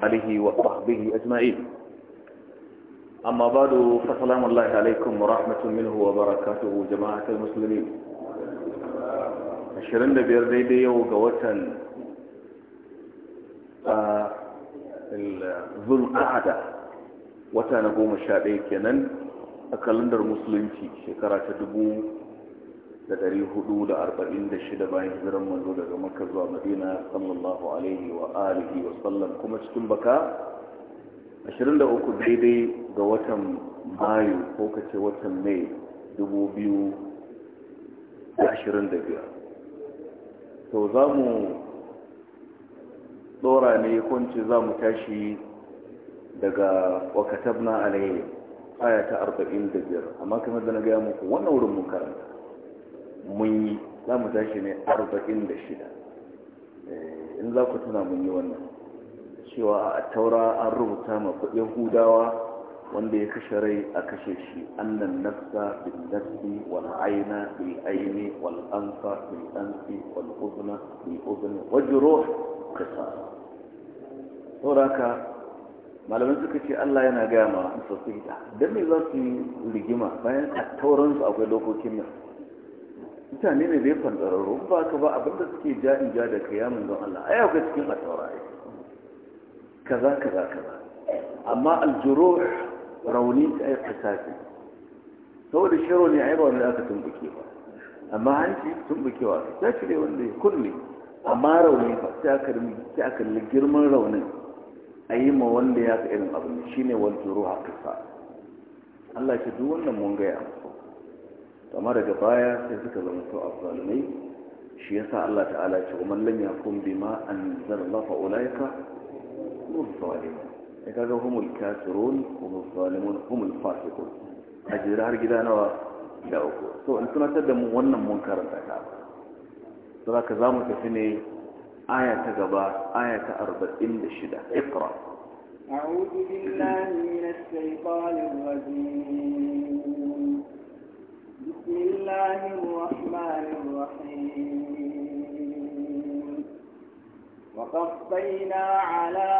عليه وصحبه أجمعين أما بعد فسلام الله عليكم ورحمة منه وبركاته جماعة المسلمين ashirin da biyar daidai yau ga watan zulqa'ada wata na goma sha ɗaya kenan a kalandar musulunci shekara ta dubu da dari hudu da arba'in da shida bayan hijiran manzo daga makka zuwa madina sallallahu alaihi wa alihi wa sallam kuma cikin baka 23 daidai ga watan mayu ko kace watan mai 2025 to za mu dora ne kwanci za mu tashi daga wakatabna alaihi aya ta 45 amma kamar da na gaya muku wannan wurin mun karanta mun yi za mu tashi ne arba'in da shida eh, in za ku tuna mun yi wannan cewa a taura an rubuta ma kudin hudawa wanda ya kashe rai a kashe shi annan nafsa bil nafsi wal aina bil aini wal anfa bil anfi wal udna bil udni wal ruh qisas sauraka malaman suka ce Allah yana gaya ma su fita dan me za su yi rigima bayan a tauransu akwai dokokin nan mutane ne bai fandararro ba ka ba abinda suke ja in ja da kayamin don Allah a yau ga cikin asawara ai kaza kaza kaza amma aljuro rauni ta ai kasafi saboda shiro ne a yi ba wanda aka tumbuke ba amma hanci tumbukewa ta ne wanda ya kulle amma rauni ba sai aka sai girman raunin a yi ma wanda ya ka irin abu ne shine wal juro Allah ya duk wannan mun gaya. ya Kama daga baya sai suka zama to zalimai shi ya sa Allah ta'ala ce wa man lam yakum bima anzalna fa ulaika su zalimun ai kaga humul kafirun humul zalimun humul fasiqun ajira har gida nawa da uku so in tunatar da mu wannan mun karanta ta to zaka zamu tafi ne aya ta gaba aya ta 46 iqra أعوذ بالله من الشيطان الرجيم بسم الله الرحمن الرحيم وقفينا على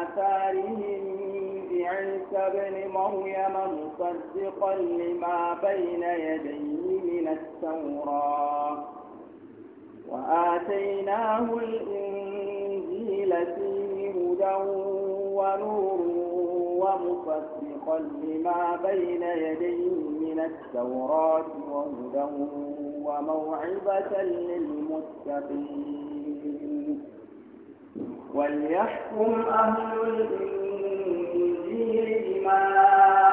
آثارهم بعيسى بن مريم مصدقا لما بين يديه من التوراة وآتيناه الإنجيل فيه هدى ونور ومفسر مصدقا لما بين يديه من التوراة وهدى وموعظة للمتقين وليحكم أهل الإنجيل بما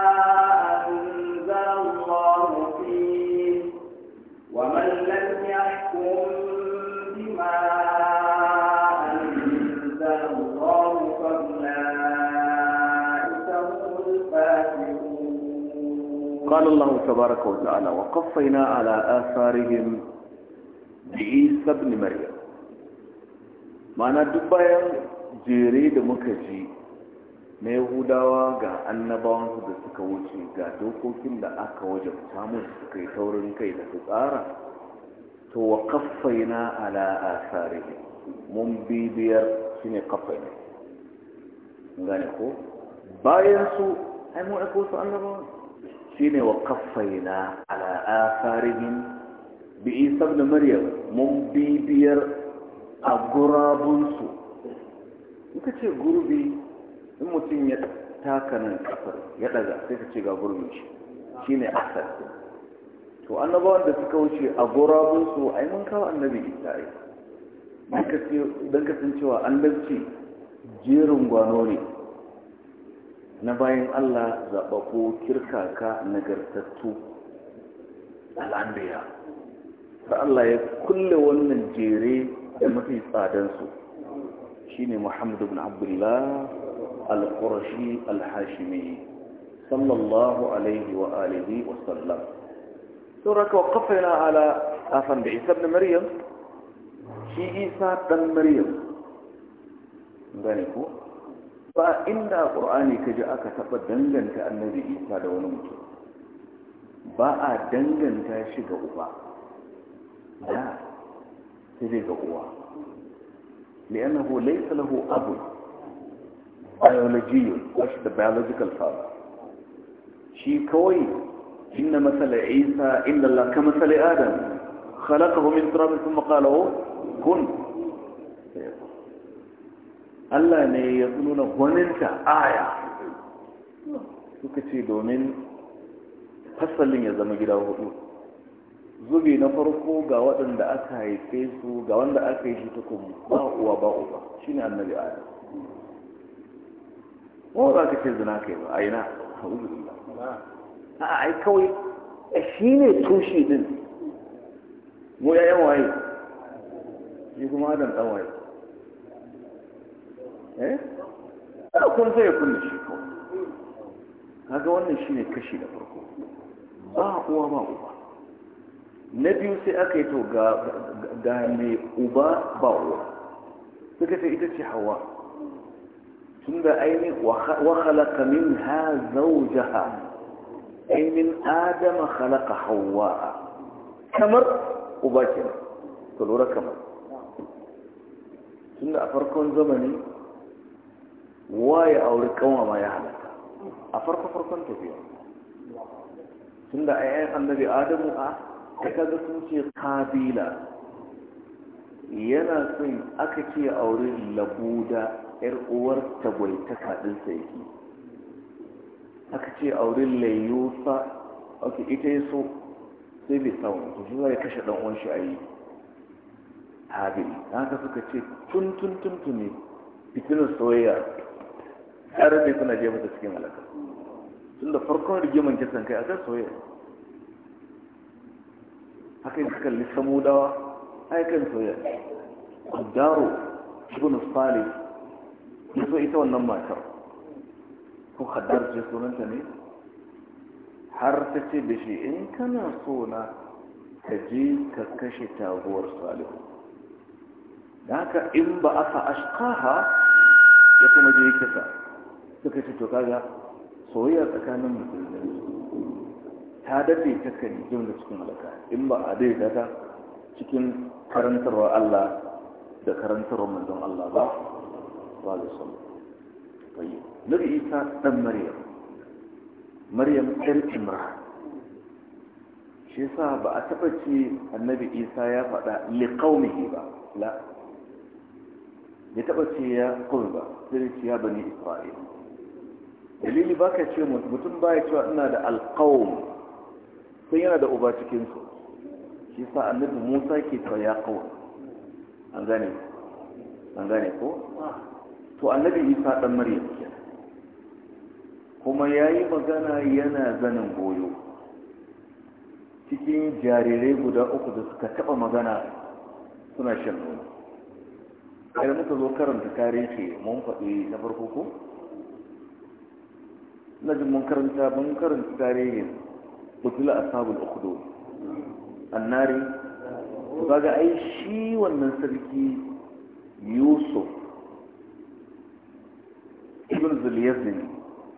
قال الله تبارك وتعالى وقفينا على آثارهم بعيسى بن مريم معنى دبايا jere da muka ji na yahudawa ga annabawansu da suka wuce ga dokokin da aka wajen samun suka yi taurin kai da su tsara to wa kaffaina ala asari mun bibiyar shi ne kaffaina gane ko bayan su ai mun aiko su annabawansu shine wa kaffaina ala afarihim bi isa ibn maryam mun bibiyar a gurabunsu Ita ce gurbi in mutum ya taka nan kafar ya daga sai ka ce ga gurbin shi shine asar to annabawan da suka wuce a gurabunsu ai mun kawo annabi isa ai dan kasancewa annabci jerin gwano ne na bayan Allah zaɓaɓo kirkaka nagartattu al'ambiya ta Allah ya kulle wannan jere da mafi tsadansu shi ne Muhammadu bin Abdullah al-Qurashi al-Hashimi sallallahu alaihi wa alihi wa sallam sun raka wa kafaina ala afan da isa da maryam shi isa dan maryam gane ku ba inda ƙur'ani ka ji aka taɓa danganta annabi isa da wani mutum ba a danganta shi ga uba da sai dai ga uwa li'annahu laysa lahu abu biological what's the biological father shi kawai inna matsala isa illa Allah ka masala adam خلقه من تراب ثم قال له كن Allah ne ya nuna gwaninta aya suka ce domin fasalin ya zama gida hudu zubi na farko ga waɗanda aka haife su ga wanda aka yi shi tukun ba uwa ba uba shi ne annabi aya ba za ka ce zina kai ba a yi na a ai kawai A shi ne tushe din mu ya yawaye shi kuma adam ɗan waye eh kada kun sai ya kunna shi kawai kaga wannan shine kashi da farko ba uwa ba uba na biyu sai aka yi to ga mai uba ba uwa suka ce ita ce hawa tun da aini wa halaka min ha zaujaha ainin adama halaka hawa kamar uba ke to lura kamar tun da a farkon zamani waye aure kanwa ma ya halatta a farko farkon tafiya tun da ayyan annabi adamu a ta kaga sun ce kabila yana son aka ce aure labuda yar uwar ta kaɗin saiki aka ce aure layusa ake ita yi so sai bai samu to zuwa ya kashe ɗan uwan shi a yi na haka suka ce tun tun tun tuni fitinin soyayya har da kuna jefa ta cikin halaka tunda farkon rigiman kisan kai akan soyayya haka suka kalli samudawa ai kan soyayya qaddaro ibn salih yaso ita wannan matar ko kaddar ce sunanta ne har ta ce da shi in kana so na ka je ka kashe taguwar salihu da haka in ba aka ashkaha ya kuma je kisa suka ce to kaga soyayya tsakanin musulmai ta dace ta kan jin da cikin alaka in ba a daidaita ta cikin karantarwa Allah da karantarwa manzon Allah ba ba da sallah tayyib nabi Isa dan Maryam Maryam ɗan Imran shi yasa ba a taɓa ce annabi Isa ya faɗa liqaumihi ba la ya taba ce ya kurba sai ce ya bani isra'il dalili ba ka ce mutum ba ya cewa ina da alƙawun sai yana da uba cikinsu shi sa annabi musa ke ta ya kawun an gane an gane ko to annabi isa ɗan maryam ke kuma ya yi magana yana zanin goyo cikin jarirai guda uku da suka taɓa magana suna shan nono kada muka zo karanta tarihi mun faɗi na farko ko na jin mun karanta mun karanta tarihin kutula ashabul ukhdud annari to kaga ai shi wannan sarki yusuf ibn zuliyazin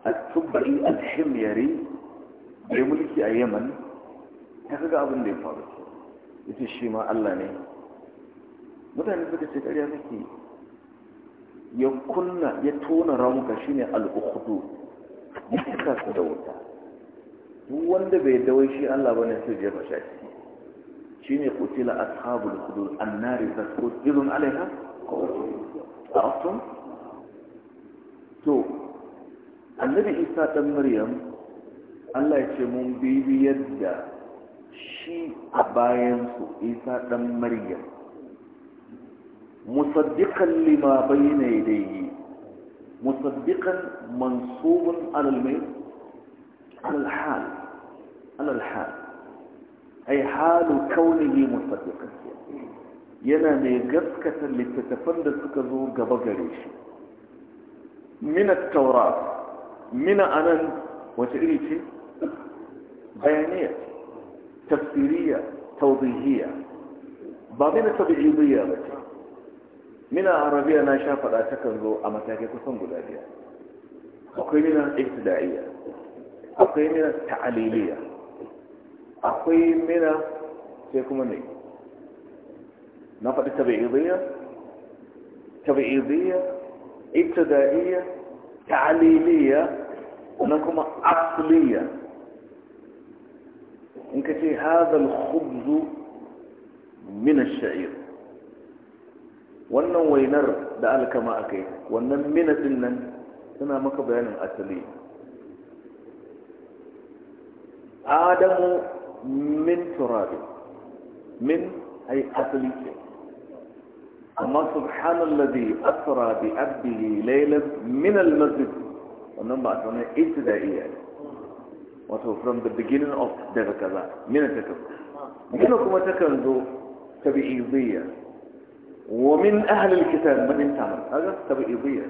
at-tubai al-himyari da mulki a yaman ta kaga abin da ya faru yace shi ma Allah ne mutane suka ce ƙarya suke ya kunna ya tona ramuka shine al'ukudu ya cika su da wuta duk wanda bai dawai shi Allah bane sai jefa shaki shine qutila ashabul hudud annari zasqut idun alaiha qawtum to annabi Isa ɗan Maryam Allah ya ce mun bibiyar da shi a bayansu Isa ɗan Maryam مصدقا لما بين يديه مصدقا منصوبا على المين على الحال على الحال أي حال كونه مصدقا ينامي قسكة لتتفندس كذور قبقريش من التوراة من أنا وتعيشي بيانية تفسيرية توضيحية بعدين تبعيضية بيانية mina arabiya na sha faɗa takan zo a matakai kusan guda biyar akwai mina ibtida'iyya akwai mina ta'aliliya akwai mina sai kuma ne na faɗi tabi'idiyya tabi'idiyya ibtida'iyya ta'aliliya na kuma asliya in ka ce hadha al-khubz min ash-sha'ir wannan wainar da alkama aka yi wannan mina din nan suna maka bayanin asali adamu min turabi min ay asali ce amma subhanallazi asra bi abdihi laylan min al-masjid wannan ba ta ne ibtidaiya wato from the beginning of daga kaza mina ta kaza mina kuma ta kan zo tabi'iyya ومن أهل الكتاب من انتعمل هذا تبعيضية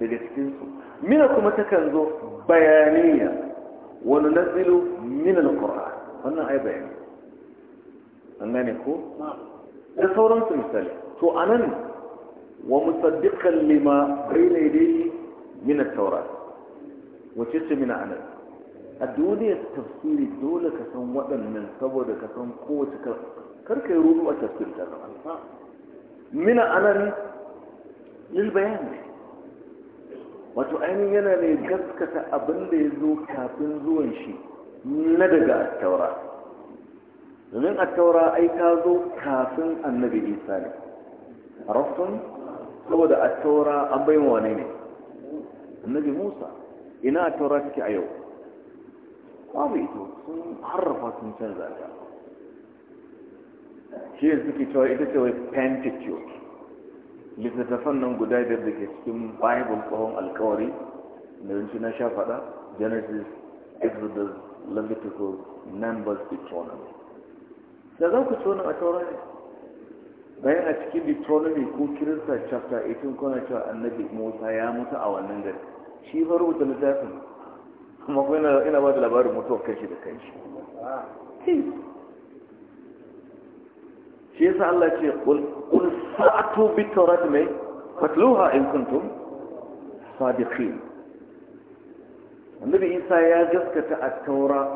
لجسكنسو منكم تكنزو بيانية وننزل من القرآن هنا أي بيانية أنني أقول تصور أنت مثالي تؤمن ومصدقا لما بين يديه من التوراة وتشت من أنا الدولة التفسير الدولة كسن وأن من صبر كسن قوة كركي رودو التفسير كسن mina anan lilbayan wato ainihin yana ne gaskata abin da ya zo kafin zuwan shi na daga attaura domin attaura ai ta zo kafin annabi isa ne A rafin saboda attaura an bai wane ne annabi musa ina attaura take a yau babu ito sun harrafa sun canza ta shi ne suke cewa ita ce wai pentateuch littattafan nan guda biyar da ke cikin bible tsohon alkawari da yanci na sha faɗa genesis exodus leviticus numbers deuteronomy da za ku ci wannan a tauran bayan a cikin deuteronomy ko kirista chapter 18 kuna cewa annabi musa ya mutu a wannan gari shi ba rubuta littafin kuma kuma ina ba da labarin mutuwar kashi da kanshi كيف الله يقول قل فأتوا بالترجمة فاتلوها إن كنتم صادقين النبي إنسا يجزك التوراة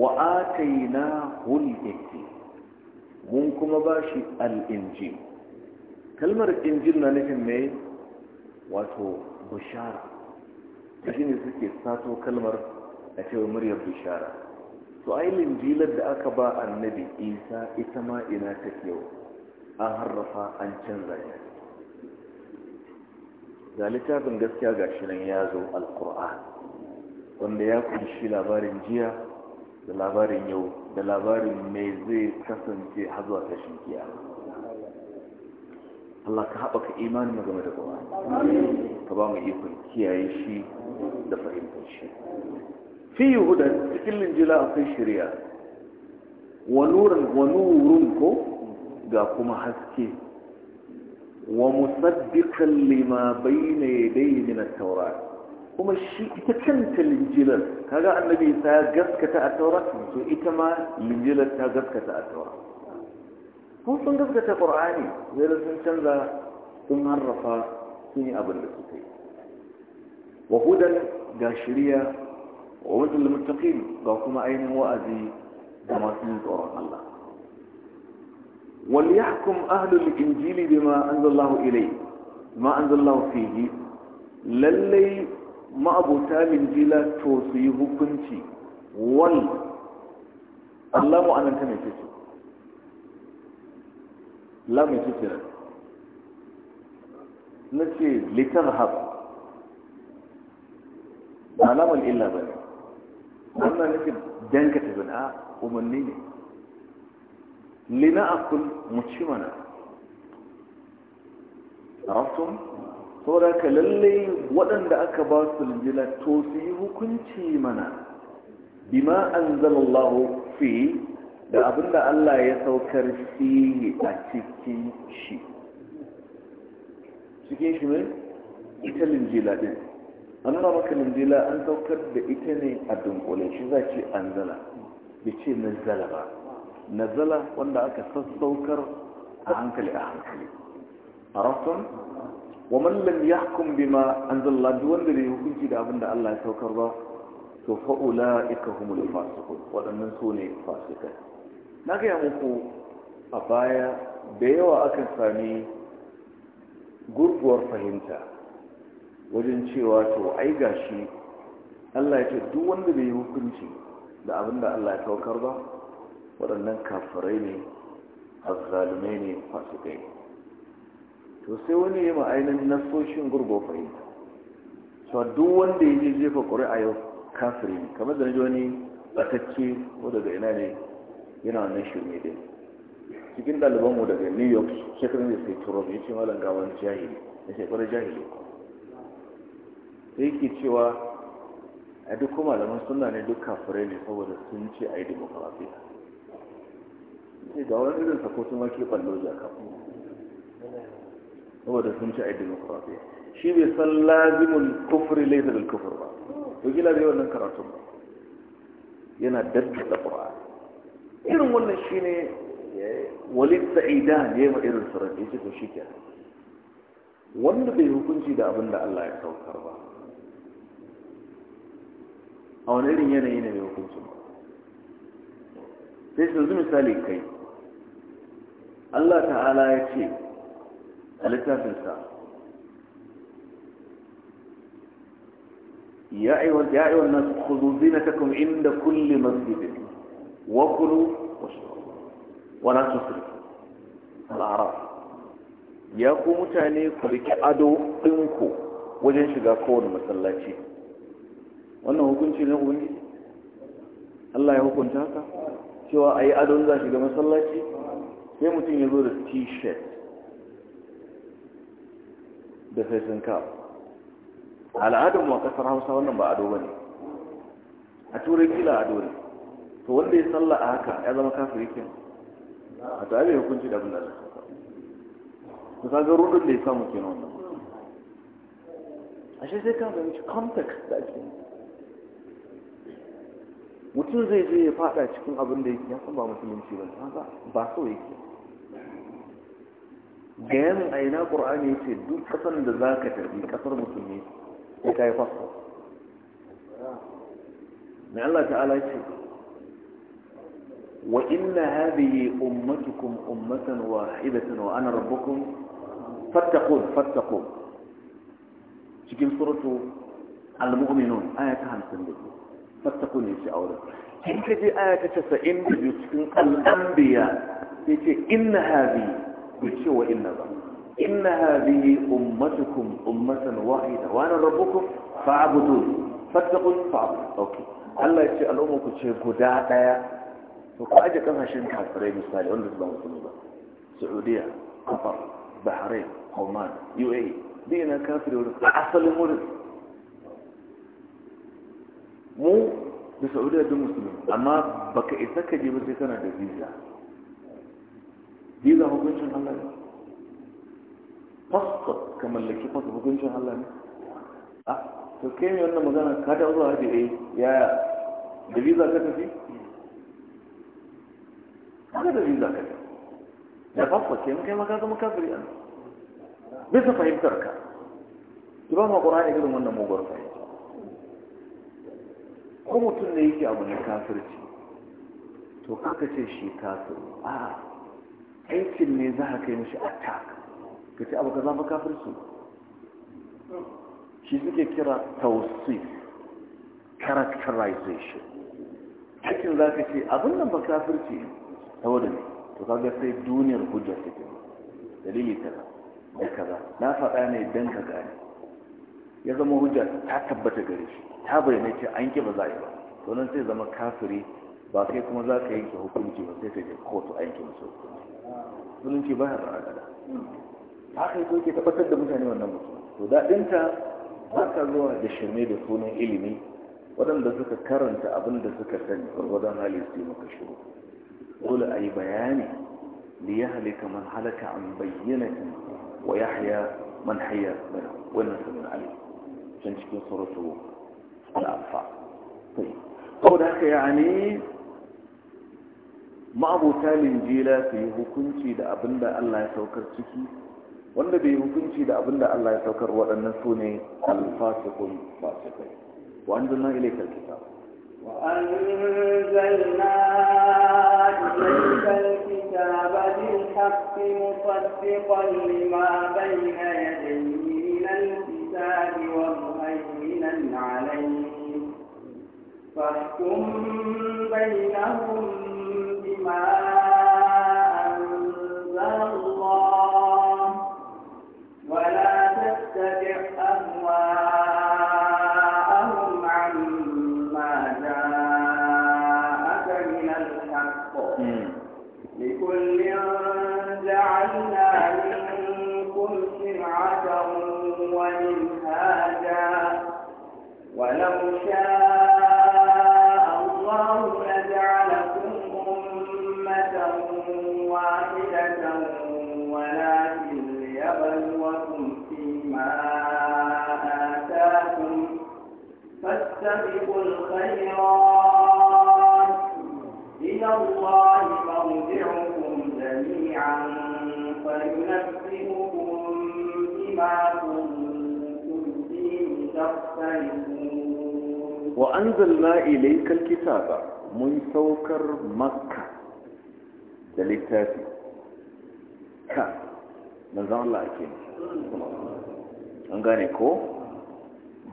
وآتيناه الإنجيل منكم باشي الإنجيل كلمة الإنجيل نحن مي إيه؟ واتو بشارة لكن يسكي ساتو كلمة أتو مريم بشارة to ai linjilar da aka ba annabi isa ita ma ina ta yau an harrafa an canza ya ga littafin gaskiya ga shi nan ya zo alkur'an wanda ya kunshi labarin jiya da labarin yau da labarin mai zai kasance har zuwa tashin kiyama Allah ka haɓaka imanin game da kuma ka ba mu ikon kiyaye shi da fahimtar shi fi hudan cikin linjila akwai shirya wa nurin ko ga kuma haske wa musaddiqan lima bayna yadayhi min at-taurat kuma shi ita kanta linjilar kaga annabi ya gaskata a taurat to ita ma linjilar ta gaskata a taurat ko sun gaskata qur'ani zai sun canza sun harrafa sun yi abin da suka wa hudan ga shirya wa wajen limtaƙin ga kuma ainihin wa'azi da masu yin tsoron Allah wal yahkum ahlul injili bima anzalallahu ilai ma anzalallahu fihi lallai ma'abuta linjila to su yi hukunci wal Allah mu'ananta mai ce la mai ce nan na ce litar haɓa alamar illa ba ne wannan nufin dan ka tafi umarni ne lina akul mu ci mana rasul saboda ka lalle waɗanda aka ba su linjila to su yi hukunci mana bima anzalallahu fi da abinda Allah ya saukar fi a cikin shi cikin shi mai ita linjila ɗin. an nuna maka an saukar da ita ne a dunkule shi za ce an zala bai ce nazala ba nazala wanda aka sassaukar a hankali a hankali a rafton wa mallam ya bi bima an duk wanda ne hukunci da abin allah ya saukar ba to fa'ula ika humul fasikun waɗannan su ne fasikai na gaya muku a baya da yawa aka sami gurguwar fahimta wajen cewa to ai gashi Allah ya ce duk wanda bai yi hukunci da abinda da Allah ya saukar ba waɗannan kafirai ne azzalumai ne fasikai to sai wani yi ma'ainin nasoshin gurgo fahimta so duk wanda ya je jefa ƙuri'a yau kafiri ne kamar da ji wani batacce ko daga ina ne yana wannan shirme dai cikin ɗalibanmu daga new york shekaru da sai turo ya ce malam gawar jahili ya ce jahili ko sai yake cewa a duk kuma malaman suna ne duk kafirai ne saboda sun ce a yi demokarasiya sai ga wani irin sakoto sun ke ballo jaka saboda sun ce a yi demokarasiya shi bai san lazimin kufri laifin da kufur ba to gila bai wannan karatun ba yana da ƙura irin wannan shi ne walid sa'ida ne ma irin suran ya ce to shi ke wanda bai hukunci da abin da Allah ya saukar ba a wani irin yanayi ne mai hukuncin sai su yanzu misali kai Allah ta'ala ya ce a littafinsa ya aiwon su kuzu zina ta kuma inda kulle masjidin wa kulu wala ya ku mutane ku riƙe ado ɗinku wajen shiga kowane masallaci wannan hukunci na ubangiji Allah ya hukunta haka cewa a yi adon za shiga masallaci sai mutum ya zo da t-shirt da facing cap al'adun mu a kasar hausa wannan ba ado ba ne a turai kila ado ne to wanda ya salla a haka ya zama kafin kin a tare da hukunci da abin da ta kaga rudin da ya samu kenan wannan ashe sai ka fahimci context da ake yi mutum zai je ya fada cikin abin da ya san ba musulunci ba ba ba so yake bayanin a ina ƙur'ani ce duk ƙasar da za ka tafi ƙasar musulmi ya ta yi fasa na Allah ta'ala ce wa inna hadhihi ummatukum ummatan wahidatan wa ana rabbukum fattaqun fattaqun cikin suratu al-mu'minun aya ta 52 فاتقوا في أولا حين تجي آية تسا إن يتفق الأنبياء إن هذه قلت شو ظن إن هذه أمتكم أمة واحدة وأنا ربكم فاعبدون فتقوا فاعبدون أوكي الله يتجي الأمك تجي قداء آية فقاعدة كم هشين كالفرين مستالي عندك الله سبحانه الله سعودية قطر بحرين عمان يو اي دينا كافر يقول اصل المرض mu da saudiya duk musulmi amma baka isa ka je ba sai kana da visa visa hukuncin Allah ne passport ka mallaki passport hukuncin Allah ne a ah, to ke mai wannan magana ka ta zuwa da ya eh, yaya da visa ka tafi haka da visa ka tafi da passport ke kai maka zama kafiri an bisa fahimtar ka ki ba ma qur'ani irin wannan mugwar fahimta ko mutum ne yake abu na kafirci to kaka ce shi kafir a aikin ne za ka kai mishi attack ka ce abu ka zama kafirci shi suke kira tausif characterization cikin za ka ce abin nan ba kafirci wadda ne to kaga sai duniyar hujja take dalili kaza da kaza na faɗa ne dan ka gane ya zama hujja ta tabbata gare shi ta bayyana ce an ƙi ba za a yi ba to sai zama kafiri ba kai kuma za ka yanke hukunci ba sai ka je kotu a yanke musu hukunci zulunci ba ya fara gada haka yake ke tabbatar da mutane wannan mutum to daɗinta ba ta zuwa da shirme da sunan ilimi waɗanda suka karanta abin da suka sani gwargwadon hali su yi maka shiru dole a yi bayani da ya halika man halaka an bayyana wa ya haya man haya wannan sanin ali can cikin suratu alfa ko hmm. da haka yani ma'abuta linjila su yi hukunci da abin Allah ya saukar ciki wanda bai hukunci da abin da Allah ya saukar waɗannan su ne alfasikun fasikai wa an zanna إليك الكتاب بالحق مصدقا لما بين يديه من الكتاب الكتاب ومهيمنا عليه فاحكم بينهم بما da littafi ha manzan Allah ake an gane ko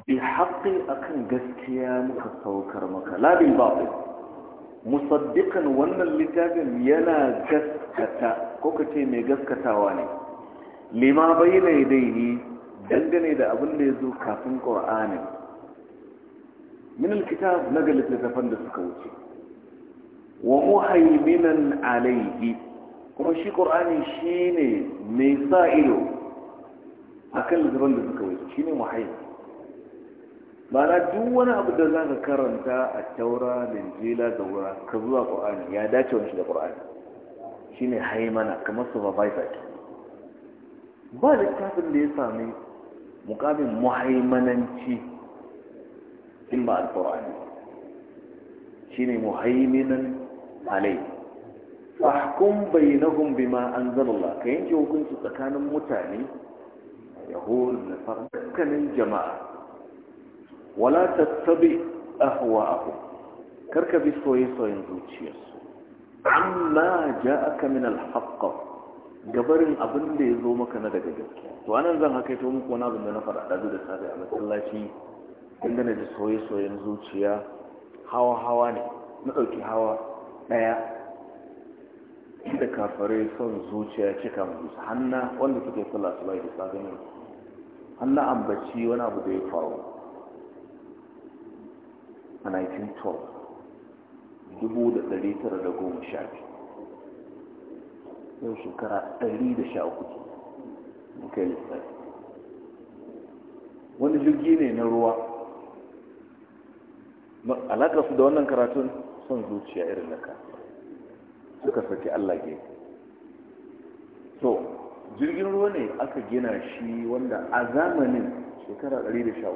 bi haƙi akan gaskiya muka saukar maka labin babu musaddiƙan wannan littafin yana gaskata ko ka ce mai gaskatawa ne lima bayyana daidai dangane da abin da ya zo kafin ƙur'anin min alkitab na ga littattafan da suka wuce wa muhaiminan alaihi kuma shi qur'ani shine mai sa ido akan littafin da suka wuce shine ba ma'ana duk wani abu da za ka karanta a taura linjila da wura ka zuwa qur'ani ya dace wani shi da qur'ani shine haimana kamar su supervisor ba littafin da ya sami mukamin muhaimananci in ba Shi shine muhaiminan alai fahkum bainahum bima anzalallah ka yanke hukunci tsakanin mutane yahud na farkanin jama'a wala tattabi ahwa'ahum karka bi soyayyen zuciyarsu amma ja'aka min alhaqq gabarin abin da ya zo maka na daga gaskiya to anan zan haka to muku wani abin da na fara da da safe a masallaci inda na ji soye-soyen zuciya hawa-hawa ne na ɗauki hawa ɗaya da kafare son zuciya cika musu hanna wanda suke sallah su bai da tsaganin hanna ambaci wani abu da ya faru a 1912 yau shekara 113 muka yi lissafi wani jirgi ne na ruwa alaƙa su da wannan karatun son zuciya irin naka suka saki Allah ke to jirgin ruwa ne aka gina shi wanda a zamanin shekara 113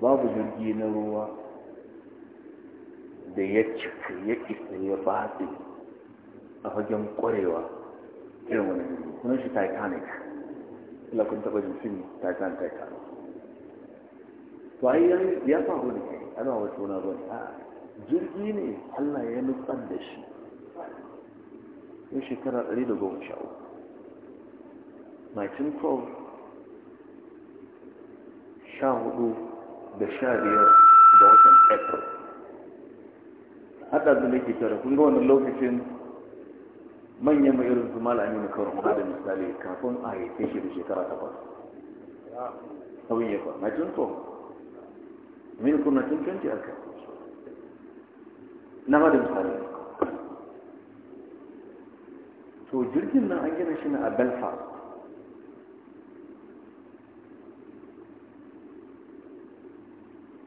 babu jirgi na ruwa da ya cika ya isa ya batse a fagen kwarewa irin wani jirgi kunan shi titanic lakun taba jin fim titanic titanic to ai ya faru ke ana wa suna ba a jirgi ne Allah ya nutsar da shi yau shekara 113 1912 sha hudu da sha biyar da watan april haɗa da nake tara kun ga wannan lokacin manyan mai irin su malami na kawar mu da misali kafin a haife shi da shekara takwas sauyin ya fa 1912 min kuna tun 20 aka na ba da misali to jirgin nan an gina shi ne a belfast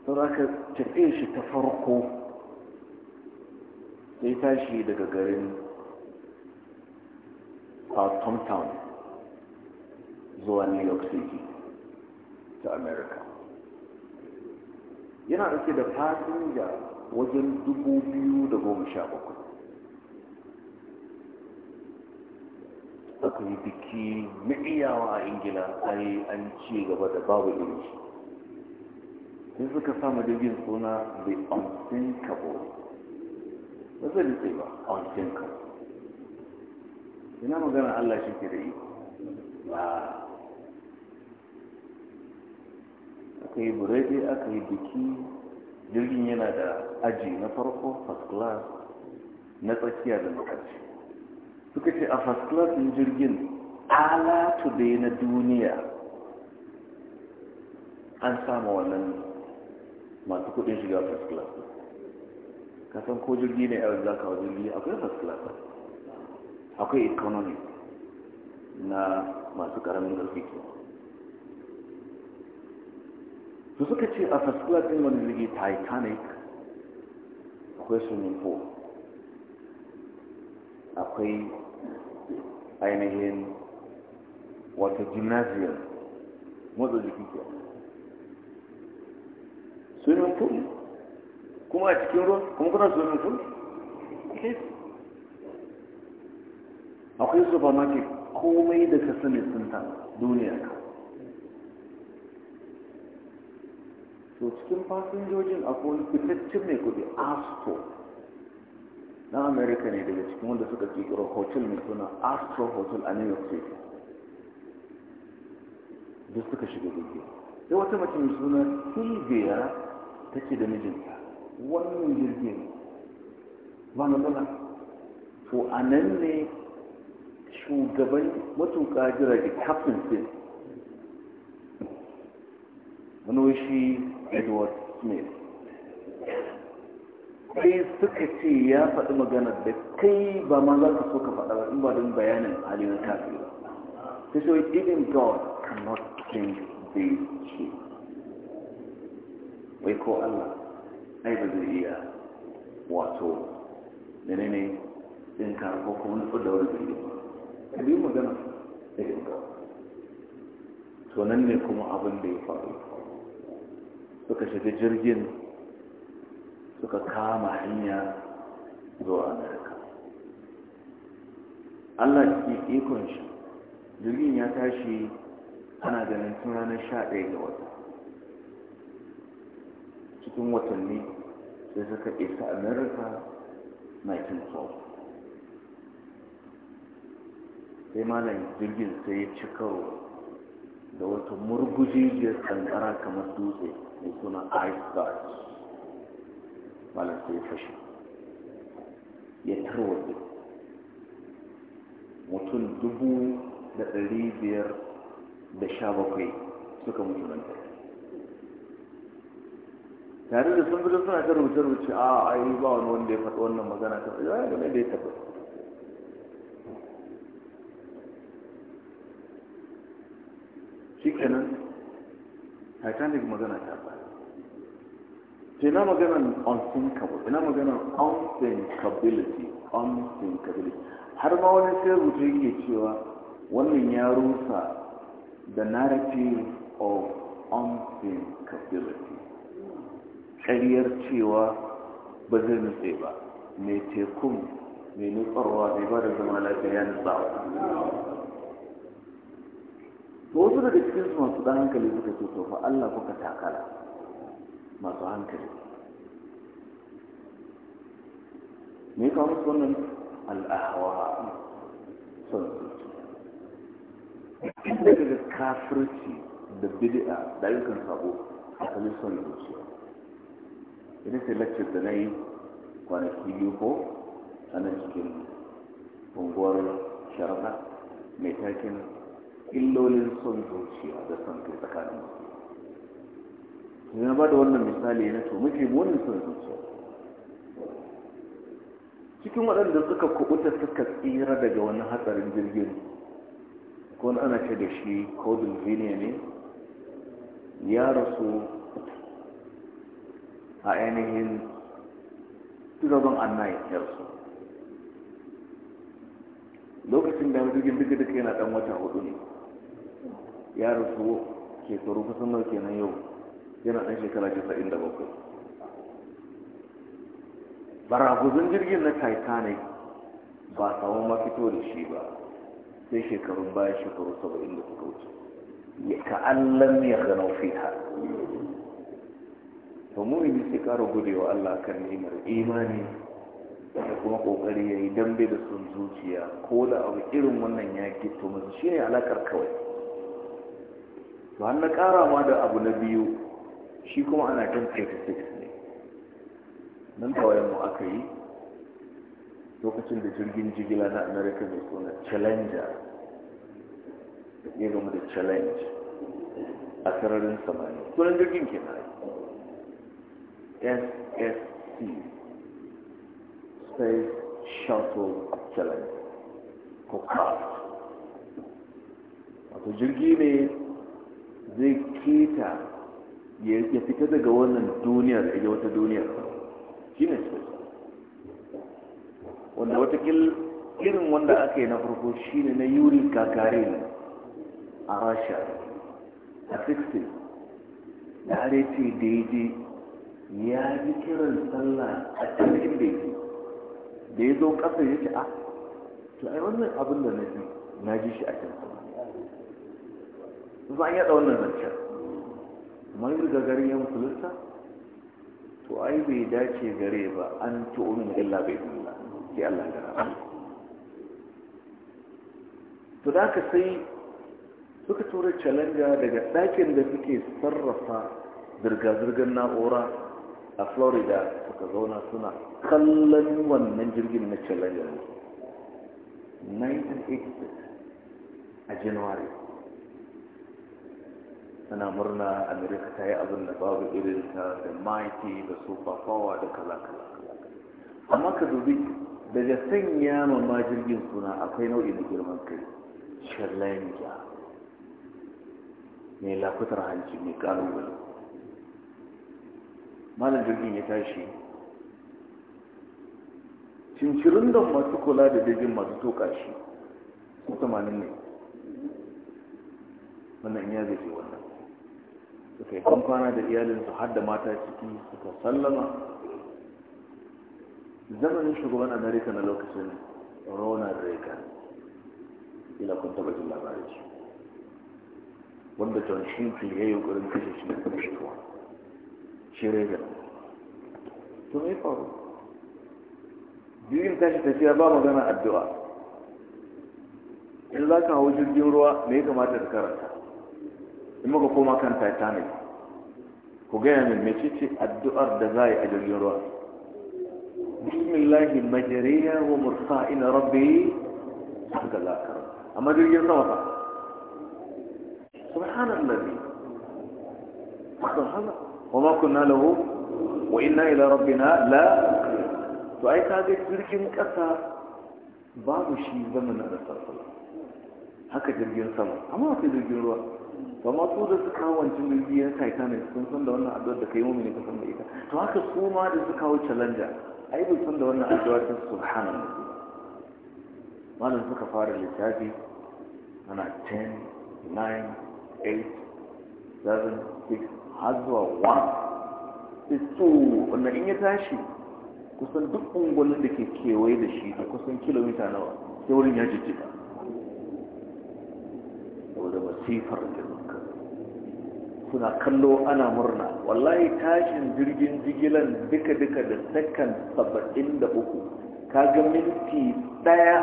saboda aka tafiye shi ta farko sai tashi daga garin Southampton zuwa New York City ta Amerika. yana ɗauke da fasinja wajen dubu biyu da goma sha bakwai aka yi biki maiyawa a ingila a yi an ci gaba da babu irin shi sai suka samu jirgin suna the unthinkable ba zai nufi ba unthinkable ina magana allah shi ke da iko ah. aka yi burebe aka yi biki jirgin yana da aji na farko first class na tsakiya da makarci suka ce a first class ɗin jirgin ala dai na duniya an samu wannan masu kudin shiga first class kasan ko jirgi ne a za ka jirgi akwai first class akwai economy na masu ƙaramin arziki su suka ce a first class din wani jirgi titanic akwai swimming pool akwai ainihin wata gymnasium motsa jiki ke swimming pool kuma a cikin ruwa kuma kuna swimming pool akwai supermarket komai da ka sani sun ta duniya ka to cikin jojin akwai fitaccen mai kudi astro na america ne daga cikin wanda suka kikiro hotel mai suna astro hotel a new york city duk suka shiga jirgin sai wata mace mai suna silvia ta ce da mijinta wannan jirgin ba na to a nan ne shugaban matuƙa jirage captain Manushi Edward Smith sai suka ce ya faɗi magana da kai ba ma za ka so ka faɗa ba in ba don bayanin halin kafin ba ta so even God cannot change the truth wai ko Allah ai ba zai iya wato menene din ka ko kuma nufin da wani zai ba ka magana da yin to nan ne kuma abin da ya faru suka shiga jirgin suka kama hanya zuwa amerika allah ke ikon shi jirgin ya tashi ana ganin tun ranar sha ɗaya ga wata cikin watanni sai suka isa amerika 1912 sai malam jirgin sai ya ci karo da wata murguji murgujijiyar kankara kamar dutse mai suna iceberg malam sai ya fashe ya tarwatsa mutum dubu da ɗari biyar da sha bakwai suka mutu nan tare da sun fito suna ta rubuce-rubuce a ai ba wani wanda ya faɗi wannan magana ta faɗi ya game da ya tabbata shi kenan titanic magana ta ba ina maganan unthinkable ina maganan unthinkability unthinkability har ma wani sai rubutu yake cewa wannan ya rusa the narrative of unthinkability ƙaryar cewa ba zai nutse ba mai tekun mai nutsarwa mai ba da zama lafiya ya nutsawa to wasu daga cikin su masu dan hankali suka ce to fa Allah kuka takara masu hankali me ka musu wannan ahwa son zuciya da kafirci da bid'a da ayyukan sabo a kalin son zuciya idan sai lecture da na yi kwanaki biyu ko a nan cikin unguwar sharafa mai takin illolin son zuciya da son kai tsakanin musulmi na ba da wannan misali na to mafi munin son zuciya cikin waɗanda suka kubuta suka tsira daga wani hatsarin jirgin ko ana ce da shi kodin zine ne ya rasu a ainihin 2009 ya rasu lokacin da jirgin duka duka yana ɗan wata hudu ne ya rasu shekaru kusan nau kenan yau yana ɗan shekara casa'in da bakwai barakuzin jirgin na titanic ba samun mafito da shi ba sai shekarun baya shekaru saba'in da suka wuce ya ka'allan ya gano ba mu yi sai ƙara gudewa Allah kan ni'imar imani da kuma ƙoƙari ya yi dambe da sun zuciya ko da abu irin wannan ya gito masu shi ne alaƙar kawai to an na kara ma da abu na biyu shi kuma ana kan 36 ne nan tawayen mu aka yi lokacin da jirgin jigila na america mai suna challenger da iya gama da challenge a sararin samani sunan jirgin ke na ssc space shuttle challenge ko craft wato jirgi ne zai keta ya fita daga wannan duniyar ya wata duniyar shi ne su wanda wata irin wanda aka yi na farko shi ne na yuri kakare a rasha a 60 da arete da ya je ya ji kiran sallah a cikin da ya da ya zo ƙasa ya ce a ah, to ai wannan abin da na ji na ji shi a cikin sallah su an yada wannan zancen mai ga gari yan kulista to ai bai dace gare ba an tu'min illa bai kulla sai Allah ya gara to da ka sai suka tura challenge daga ɗakin da suke sarrafa zirga-zirgar na'ura a florida suka zauna suna kallon wannan jirgin na challenge 1986 a january suna murna amerika ta yi abin da babu irin ta da mighty da super power da kala kala amma ka dubi daga sanya ma jirgin suna akwai nau'i na girman kai shirlanja mai lafutar hanci mai kalubale malam jirgin ya tashi cincirin da masu kula da jirgin masu toka shi su 80 ne wannan ya zai wannan suka yi kwana da iyalinsu har da mata ciki suka sallama zamanin shugaban amerika na lokacin ronald reagan ila kun taba jin labarin shi wanda john shinkin ya yi yunkurin kashe shi na kuma shi shi reagan to me faru jirgin tashi tafiya ba magana addu'a in za ka hau jirgin ruwa me ya kamata ka karanta in muka koma kan titanic ku gaya min mecece addu'ar da za a yi a jirgin ruwa bismillahi majariya wa mursa ina rabbi haka za amma jirgin sama ba subhanallah subhanallah wa ma kunna lahu wa inna ila rabbina la to ai kaga jirgin kasa babu shi zamanin rasul haka jirgin sama amma sai jirgin ruwa ba ma su da suka kawo wancan jirgiyar titanic sun san da wannan addu'ar da kai mumini ka san da ita to haka su ma da suka kawo challenge ai bai san da wannan addu'ar ta subhanallah malam suka fara littafi ana 10 9 8 7 6 har zuwa 1 isto wannan in ya tashi kusan duk unguwannin da ke kewaye da shi a kusan kilomita nawa sai wurin ya jijjiga da masifar jirgin suna kallo ana murna wallahi tashin jirgin jigilan duka-duka da sakan saba'in da uku ka ga minti daya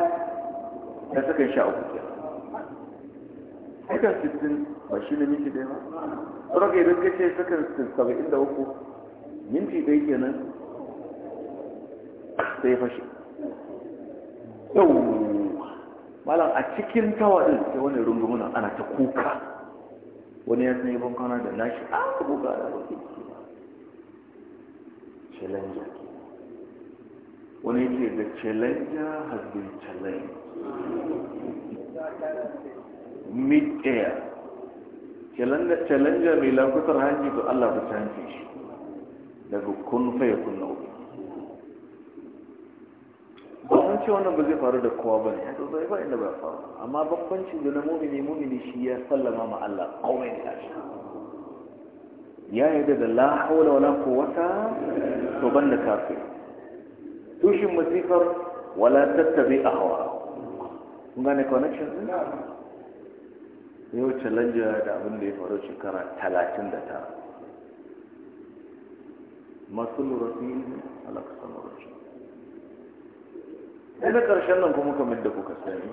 na sakan sha uku ke sakan sittin ba shi ne minti daya ba tsoraka idan ka ce sakan saba'in da uku minti daya kenan sai fashe yau malam a cikin tawadin sai wani rungumunan ana ta kuka wani ya sanya bankana da nashi a ah, kuka da wasu challenge wani yake da challenge has been challenge mid air challenge mai lankutar hanji to Allah ta canfi shi daga kun faya kun na ce wannan ba zai faru da kowa ba ne ya zo zai ba inda ba faru amma babbancin da na mumini mumini shi ya sallama ma Allah komai da shi ya yarda da la haula wala quwwata to banda kafir tushin masifar wala tattabi ahwa kun ne connection din yau challenge da abin da ya faru shekara 39 masu lura ne alaƙasar alaƙa sai na ƙarshen nan kuma kamar da kuka sani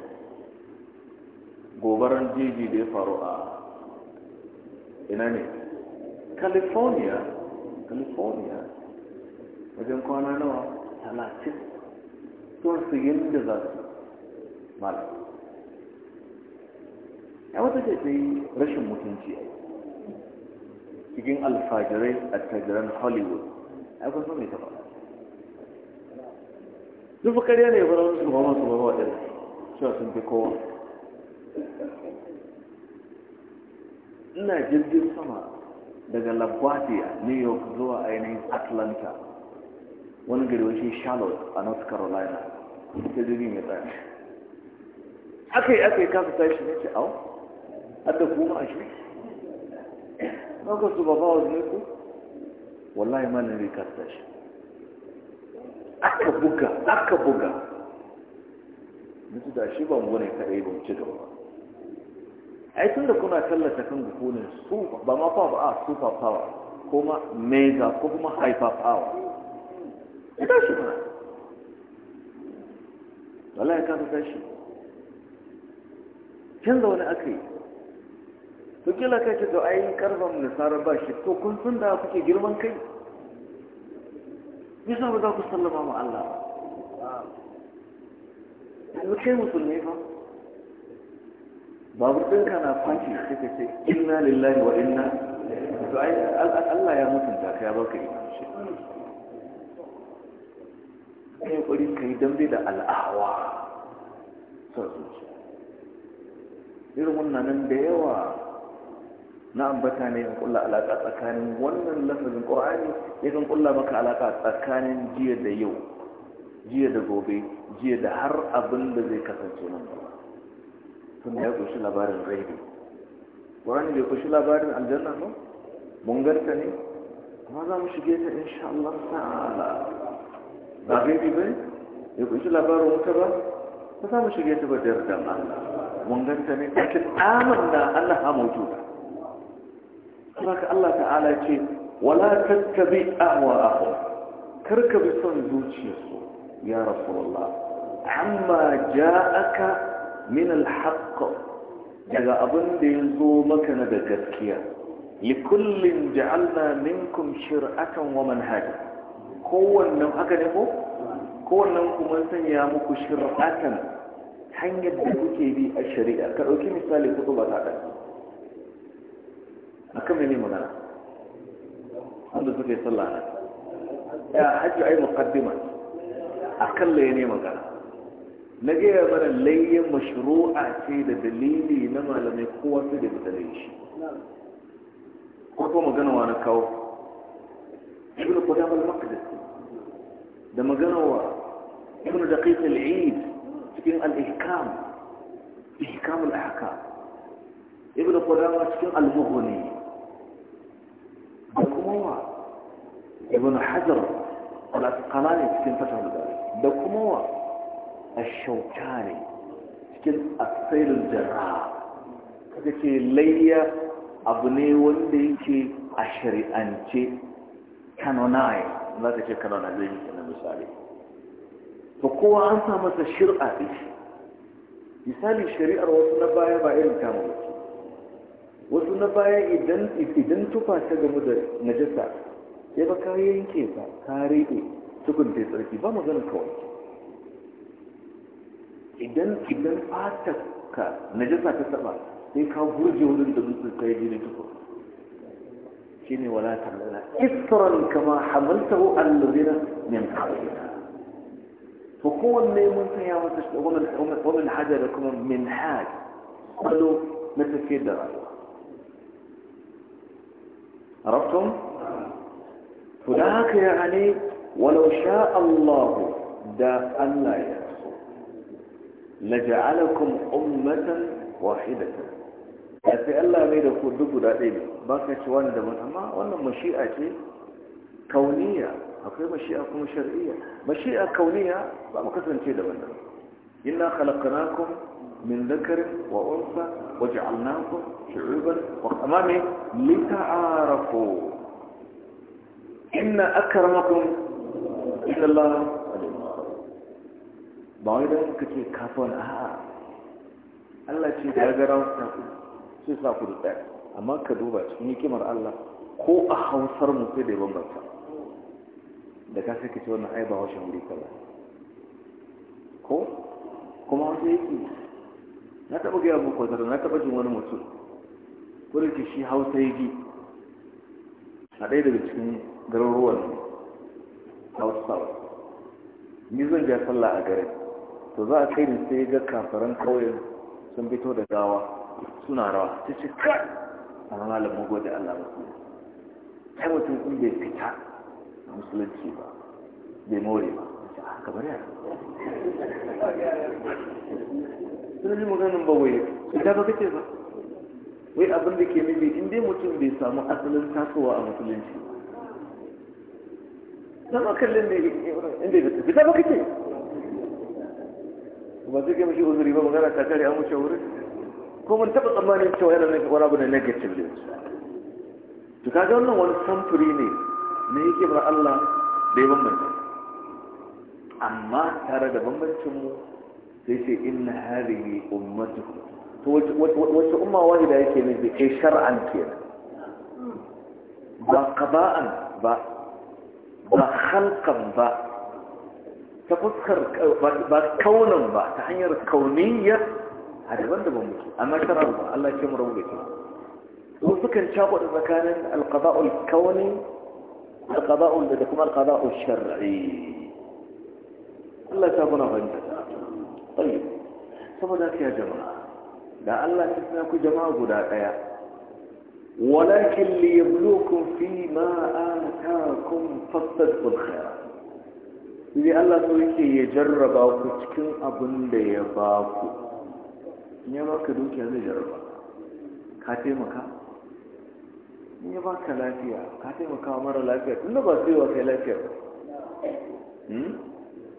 gobaran jeji da ya faru a ina ne california california wajen kwana nawa talatin sun su yin da za su mala ya wata ce ta yi rashin mutunci cikin alfajirai a tajiran hollywood ya kusa mai ta faɗa duk fa ne ya fara wasu ba masu barwa ɗin cewa sun fi kowa ina jirgin sama daga laguardia new york zuwa ainihin atlanta wani gari wace charlotte a north carolina ta jirgin ya tsaya aka yi aka yi kasa tashi ne ce au hadda kuma a shi na ka su ba ba wasu ne ku wallahi malin rikar tashi aka buga aka buga mutu da shi ban gune kadai ban ci gaba ai tun da kuna tallata kan gukunin su ba ma fa ba a super power kuma mega ko kuma hyper power ita shi ba wallahi ya ta shi canza wani aka yi to kila kai ce to ai karban nasara ba shi to kun sun da kuke girman kai me yasa ba za sallama ma Allah ba kai musulmi fa babur ɗinka na kwanci sai ka ce inna lillahi wa inna to Allah ya mutunta ka ya baka imani shi kai kwari kai dambe da al'awa son zuciya irin wannan da yawa na ambata ne kan kulla alaƙa tsakanin wannan lafazin qur'ani ya kan kulla maka alaƙa tsakanin jiya da yau jiya da gobe jiya da har abin da zai kasance nan ba. sun da ya kunshi labarin gaibi qur'ani bai kunshi labarin aljanna ba mun garta ne Ba za mu shige ta sha Allah ta'ala ba gaibi ba ya kunshi labarin wuta ba ba za mu shige ta ba da yardan Allah mun garta ne lakin amanna Allah ha ba haka Allah ta'ala ce wala tattabi ahwa'ahum karka bi son zuciyarsu ya rasulullah amma ja'aka min alhaq daga abin da ya zo maka na da gaskiya likullin ja'alna minkum shir'atan wa manhaja kowannen haka ne ko kowannen kuma sanya muku shir'atan hanyar da kuke bi a shari'a ka ɗauki misali kudu ba ta akan mene magana wanda suka yi sallah na ya hajji ai muqaddima akan laye ne magana na gaya mana laye mashru'a ce da dalili na malamai kowa su da misalai shi kuma magana wa na kawo ibn qudam al-maqdisi da magana wa ibn daqiq al-eid cikin al-ihkam ihkam al-ahkam ibn qudam cikin al-mughni da kuma wa ibn hajar al-asqalani cikin fatahul da kuma wa ash cikin asailul jarrah kaga ce layya abu ne wanda yake a shari'ance kanonai za ka ce kanonai zai yi na misali to kowa an sa masa shir'a ɗin misali shari'ar wasu na baya ba irin kama wasu wasu na baya idan idan tufa ta gamu da najasa ya ba ka yanke ta ka rike tukun ta tsarki ba mu zana kawai idan idan fata ka najasa ta saba sai ka gurje wurin da mutu ka yi jini tukun shi ne wala tallala isran kama hamaltahu allazina min qablina فكون منتهى يا ومن حاجة لكم من حاج قالوا ما da رأيه عرفتم فذاك يعني ولو شاء الله دا أن لا يحصل لجعلكم أمة واحدة yafi Allah mai da ku guda ɗaya ne ba ka ci wani daban amma wannan mashi'a ce kauniya akwai mashi'a kuma shar'iyya mashi'a kauniya ba mu kasance daban daban من ذكر وأنثى وجعلناكم شعوبا وقمام لتعارفوا إن أكرمكم إلا الله ba wai don kafin a Allah ce da ya gara sai sa ku da amma ka duba cikin hikimar Allah ko a hausar mu sai da ya bambanta da ka sai ka ce wannan ai ba wuri ko kuma wasu yake na taɓa gaya muku wata na taɓa jin wani mutum kurki shi hausa ya ji a ɗaya daga cikin garuruwan south south ni zan ja sallah a garin to za a kai ni sai ga kafaran kauyen sun fito da gawa suna rawa ta ce ka a malam magode allah musulmi kai mutum in bai fita a musulunci ba bai more ba ah, a kamar yana. sun ji maganin ba waye ita ba kake ba wai abin da ke nufi in dai mutum bai samu asalin tasowa a musulunci nan a kallon ne inda ya tafi ta ba kake ba zai kai mashi uzuri ba magana ta kare an wuce wurin ko mun taɓa tsammanin cewa yana nufin wani abu da negative ne to kaga wannan wani samfuri ne na hikimar Allah da ya bambanta amma tare da mu. sai ce inna hadhihi ummatuhu to wace umma wahida yake nufi kai shar'an kenan ba qada'an ba ba khalqan ba ta fuskar ba kaunan ba ta hanyar kauniyyar a daban daban mutu amma shara ba Allah ke mura wuce su sukan cakuɗa tsakanin alqada'ul kauni alqada'ul da kuma alqada'ul shar'i Allah ta kuna fahimta tsaye saboda ka ya jama'a da Allah ta suna ku jama'a guda ɗaya walakin liyablukum fi ma atakum fastadqul khaira sai Allah so yake ya jarraba ku cikin abin da ya ba ku in ya baka dukiya zai jarraba ka taimaka in ya baka lafiya ka taimaka mara lafiya tunda ba sai wa kai lafiya hmm?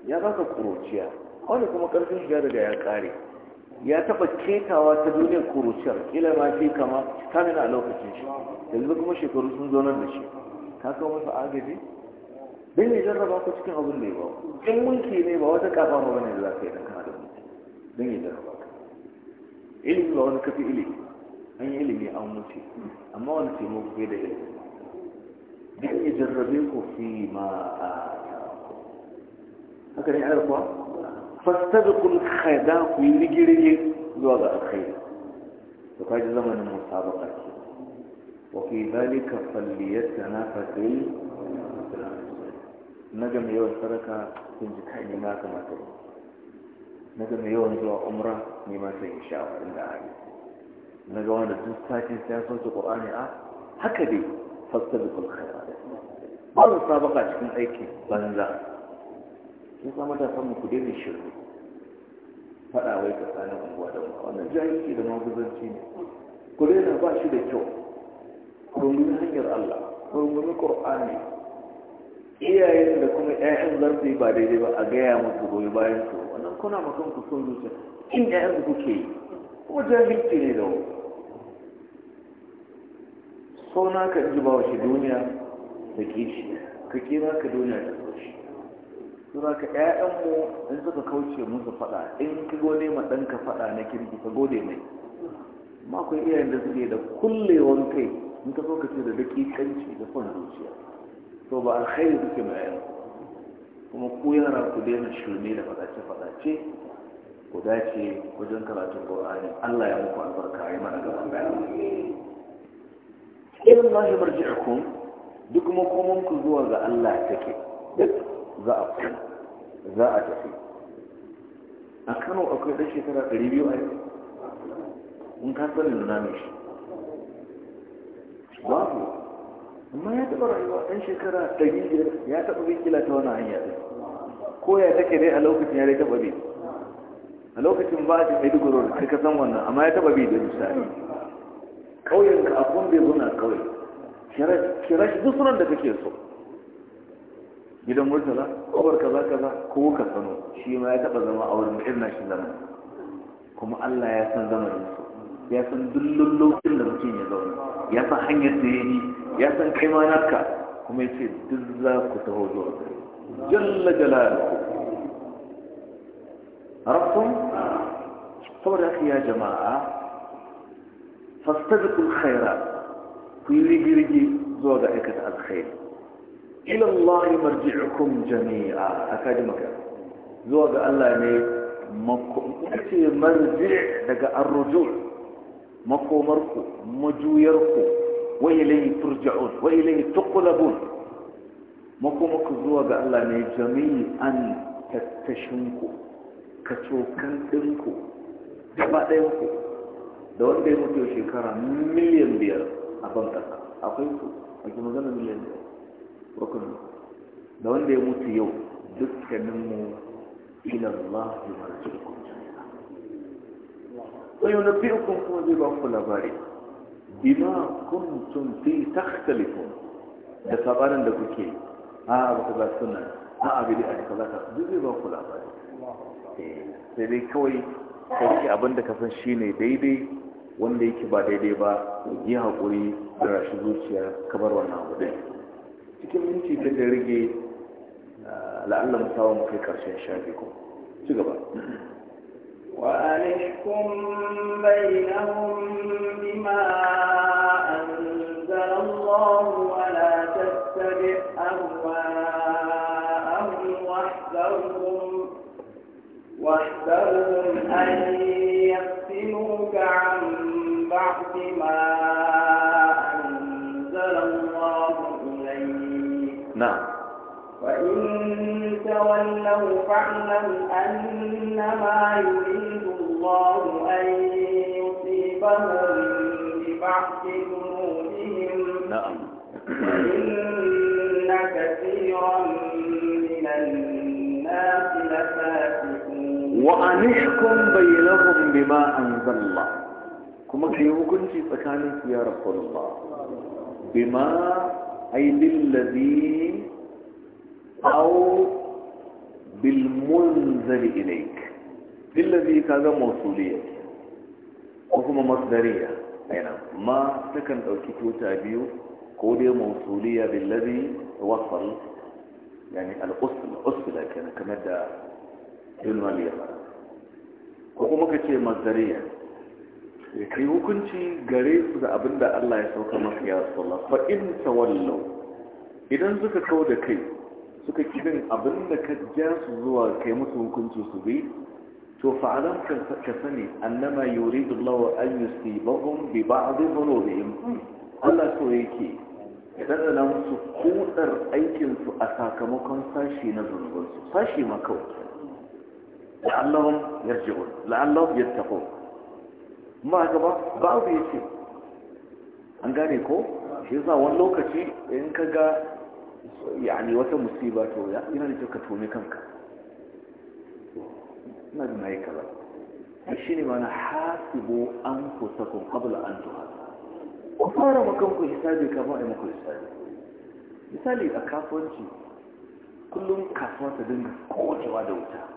ya baka kuruciya wanda kuma ƙarfin shiga daga ya ƙare, ya taba ketawa ta duniyar kuruciyar kila ma shi kama kamin a lokacin shi yanzu kuma shekaru sun zo nan da shi ka kawo masa agaji don ya jarraba ku cikin abin da ya ba in mulki ne ba wata kafa ma bane da za ka yi dan kana da mutu. don ya jarraba ka ilimi ba wani kafi ilimi an yi ilimi an mutu amma wani taimako bai da ilimi don ya jarrabe ku fi ma a haka ne ya kuwa فاستبقوا الخيدات ويرجرج لوضع الخير فقال زمن المسابقة وفي ذلك فليتنافس نجم يوم سرك كنت كاين ما كما ترون نجم يوم زوا عمرة مما سيشاء عند عالي نجم وانا دو ساكن سياسو القرآن آه. هكذا فاستبقوا الخيرات بعض السابقات كنت ايكي بانزا sai zama da san ku daina shiru faɗa wai ka sani unguwa da unguwa wannan jahilci da mabuzanci ne ku daina ba shi da kyau rungumi hanyar Allah rungumi Qur'ani iyayen da kuma ƴaƴan zan su yi ba daidai ba a gaya musu goyi bayan su wannan kuna ma ku son zuciya in ƴaƴan su kuke yi kuma jahilci ne da wani sau na ka ji ba wa shi duniya da kishi ka kira ka duniya da suna ka ƴaƴanmu in suka kauce musu faɗa in ka gode ma ɗanka faɗa na kirki ka gode mai ma iya yin da suke da kullewan kai in ka so ka ce da daƙiƙanci da son zuciya to ba alkhairi suke ma ƴaƴan kuma ku yara ku daina shirme da faɗace-faɗace ku dace wajen karatun ƙorani Allah ya muku albarka ya mana gaban bayan irin lahi marji'akum duk makomanku zuwa ga Allah take duk za a za a tafi a kano akwai ɗan shekara ɗari biyu a yau in ka sani nuna mai shi ku amma ya taɓa rayuwa ɗan shekara ɗari ya taɓa bin kila ta wani hanyar. ko ya take dai a lokacin ya taba taɓa bi a lokacin ba a ce maiduguro da ka san wannan amma ya taɓa bi da misali ƙauyenka a kun bai zuna ƙauye kira shi duk sunan da kake so gidan murtala kowar kaza kaza ko ka sano shi ma ya taɓa zama a wurin irin nashi zaman kuma Allah ya san zamanin su ya san dullun lokacin da mutum ya zauna ya san hanyar da ya yi ya san kai ma naka kuma ya ce duk za ku taho zuwa jalla jalaluhu arabtum saboda haka ya jama'a fastabiqul khairat ku yi rigi-rigi zuwa ga aikata alkhairi ila Allah marji'ukum jami'a aka ji maka zuwa ga Allah ne mace marji daga arrujul makomarku majuyarku wa ilayhi turja'un wa ilayhi tuqlabun makomarku zuwa ga Allah ne jami'an tattashinku kacokan ɗinku gaba ɗayanku da wanda ya mutu shekara miliyan biyar a bankasa akwai ku ake magana miliyan biyar rukun da wanda ya mutu yau dukkaninmu ila Allah ya marci hukum jami'a wani wani fi hukum kuma zai ba ku labari bima kuntum fi takhtalifun da sabanin da kuke a ba ku ba suna a abidi a kaza ka duk zai ba ku labari eh, sai dai kawai kai abin da ka san shine daidai wanda yake ba daidai ba yi haƙuri da rashin zuciya kabar wannan abu dai cikin minti da da rage eh, la'alla mu samu mu kai karshen shafi ko ci gaba وأنحكم بينهم بما أنزل الله ولا تتبع أهواءهم واحذرهم واحذرهم أن يفتنوك عن بعض ما نعم وإن تولوا فاعلم أنما يريد الله أن يصيبهم ببعض ذنوبهم نعم وإن كثيرا من الناس لفاسقون وأن احكم بينهم بما أنزل الله كما كيف كنت فكانت يا رسول الله بما أي للذي أو بالمنزل إليك للذي كذا موصولية وهم مصدرية أي نعم ما تكن أوكيتو تابيو قولي موصولية بالذي وصل يعني الأصل أصل كان كمدى دون وهم كتير مصدرية ya kai hukunci gare su da abin da Allah ya sauka masa ya sallah fa in tawallu idan suka kau da kai suka kidin abin da ka ja su zuwa kai musu hukunci su bi to fa alam ka sani annama yuridu Allah an yusibahum bi ba'd dhunubihim Allah so yake ya dandana musu kudar aikinsu a sakamakon sashi na zunubansu sashi ma kawai la'allahum yarji'un la'allahum yattaqun ma gaba babu ya ce an gane ko shi yasa wani lokaci in ka ga yani wata musiba to ya ina da ka tome kanka na da mai kaza shi ne mana hasibu an ku qabla an tuha ku fara makanku hisabi kamar da muku hisabi misali a kasuwanci kullum kasuwa ta dinga kowacewa da wuta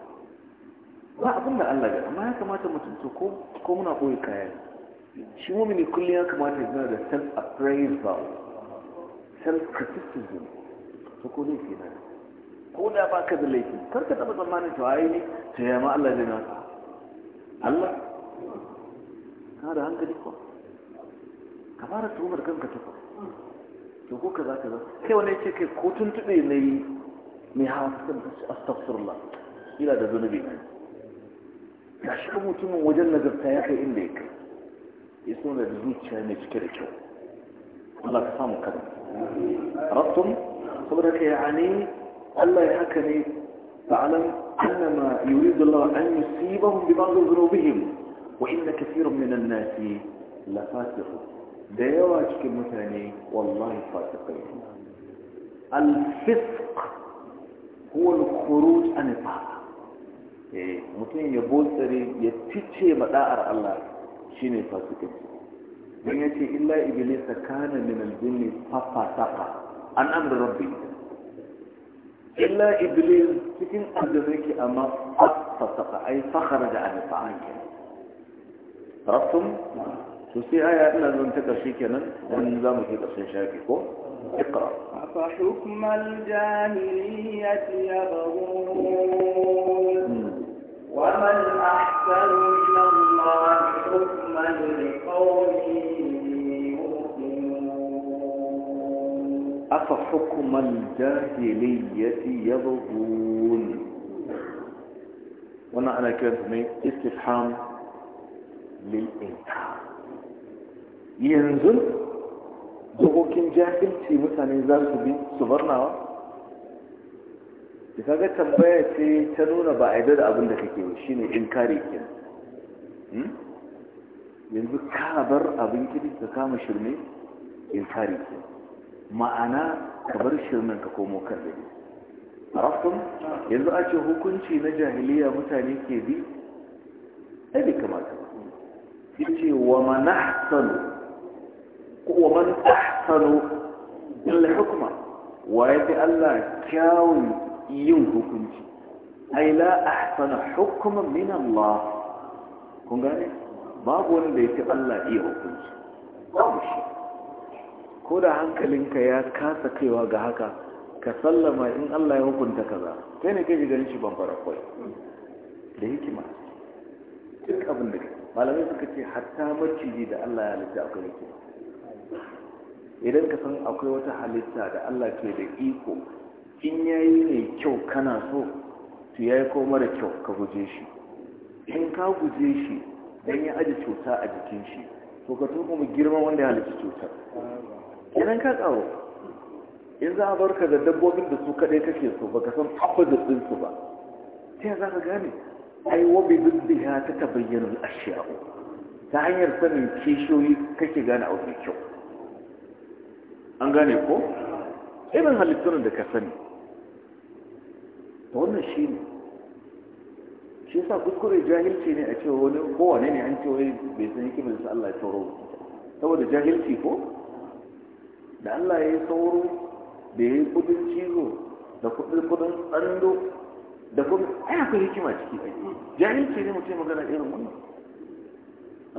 ba abin da Allah ga amma ya kamata mutum to ko muna koyi kaya shi mumini kullum ya kamata ya zama da self appraisal self criticism to ko laifi na ko da ba ka da laifi kar ka taɓa tsammanin to ai ne to ya ma Allah ne naka. Allah ka da hankali ko ka fara tuhumar kanka ta to ko kaza kaza kai wani ce kai ko tuntuɓe na yi mai hawa kan astaghfirullah ila da zunubi ne ga shi mutumin wajen nazarta ya kai inda ya kai ya so da zuciya mai cike da kyau Allah ka samu kada rattun saboda ka yani Allah ya haka ne fa'alam annama yuridu Allah an yusibahum bi ba'd dhunubihim wa inna kathiran min an-nas la fasiqun da yawa cikin mutane wallahi fasiqai al-fisq huwa al-khuruj an al-ta'a mutum ya bosare ya fice mada'ar Allah shine fasikin don yace illa iblis kana min al aljinni fafa saqa an amru rabbi illa iblis cikin aljanna amma fafa saqa ai fakhara da an fa'an ke to sai aya ina zan ta karshe kenan dan za mu je karshen shafi ko اقرا افحكم الجاهليه يبغون ومن أحسن من الله حكما لقوم أفحكم الجاهلية يبغون وانا على كان إيه؟ استفحام للإنسان ينزل dokokin جاهل mutane مثلا su bi su da kaga tambaya ce ta nuna ba a yarda da abin da kake shi ne in kare ke hmm? yanzu ka bar abin kiri ka kama shirme in kare ke ma'ana ka bar shirmen ka komo kan da arafin yanzu a ce hukunci na jahiliya mutane ke bi ai bai kamata Ya ce wa man ahsanu ko wa man ahsanu illa hukma wa ya yafi Allah kyawun yin hukunci ai la ahsana hukuma min Allah kun gane babu wanda yake Allah iya hukunci babu shi ko da hankalinka ya kasa kaiwa ga haka ka sallama in Allah ya hukunta kaza kai ne kai ganin shi bambara kai da hikima duk abin da malamai suka ce hatta maciji da Allah ya halitta akwai hikima idan ka san akwai wata halitta da Allah ke da iko in ya yi mai kyau kana so to ya yi ko mara kyau ka guje shi in ka guje shi don ya aji cuta a jikin shi to ka tuka mu girma wanda ya halitta cutar idan ka tsawo in za a bar ka da dabbobin da su kaɗai kake so baka san abu da tsinsu ba sai za ka gane ai wabi ya ta tabayyana al-ashya'u ta hanyar sanin kishiyoyi kake gane abu mai kyau an gane ko irin halittunan da ka sani ta wannan shi ne shi sa kuskure jahilci ne a cewa wani kowane ne an ce wani bai san hikimar sa Allah ya sauro saboda jahilci ko da Allah ya yi sauro da ya yi kudin cizo da kudin kudin tsando da kudin ai akwai hikima ciki jahilci ne mutum magana irin wannan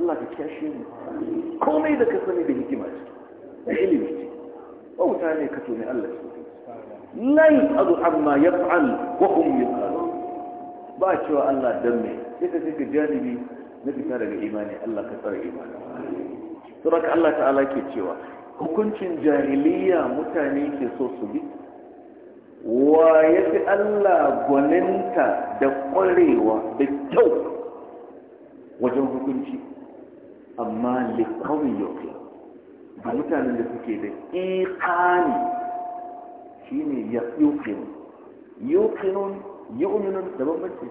Allah ka kyashe mu komai da ka sani da hikima ciki da ilimi ce ba wuta ne ka tuni Allah ciki yi azu amma yaf'al wa hum ba cewa Allah dan me sai ka ka janibi na fita daga imani Allah ka tsara imani saboda Allah ta'ala ke cewa hukuncin jahiliya mutane ke so su bi wa ya fi Allah gwaninta da ƙwarewa da kyau wajen hukunci amma likawin yau ga mutanen da suke da iƙani shine yuqinu yuqinun yu'minun da bambanci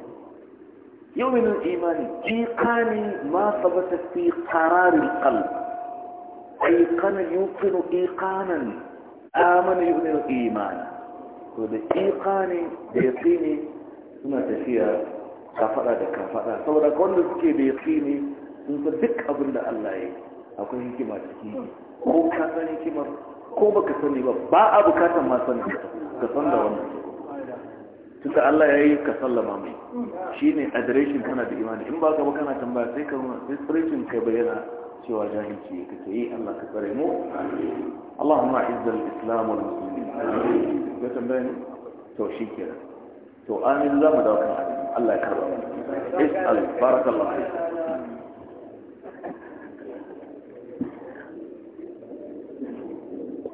yu'minun imani iqani ma thabata fi qarar al-qalb ayqana yuqinu iqanan amana yu'minu imani to da iqani da yaqini suna tafiya kafada da kafada saboda wanda suke da yaqini sun san duk abin da Allah ya yi akwai hikima ciki ko ka san hikimar ko baka sani ba ba a bukatar ma sani ka san da wannan tunda Allah ya yi ka sallama mai shi ne adireshin kana da imani in ba ka ba kana tambaya sai ka nuna sai tsirishin kai bayyana cewa jahilci ya kake yi Allah ka tsare mu Allahumma izzal islam wal muslimin Ya tambaya ne to shi kenan to amin za mu dawo kan Allah ya karba mu is'al barakallahu fiik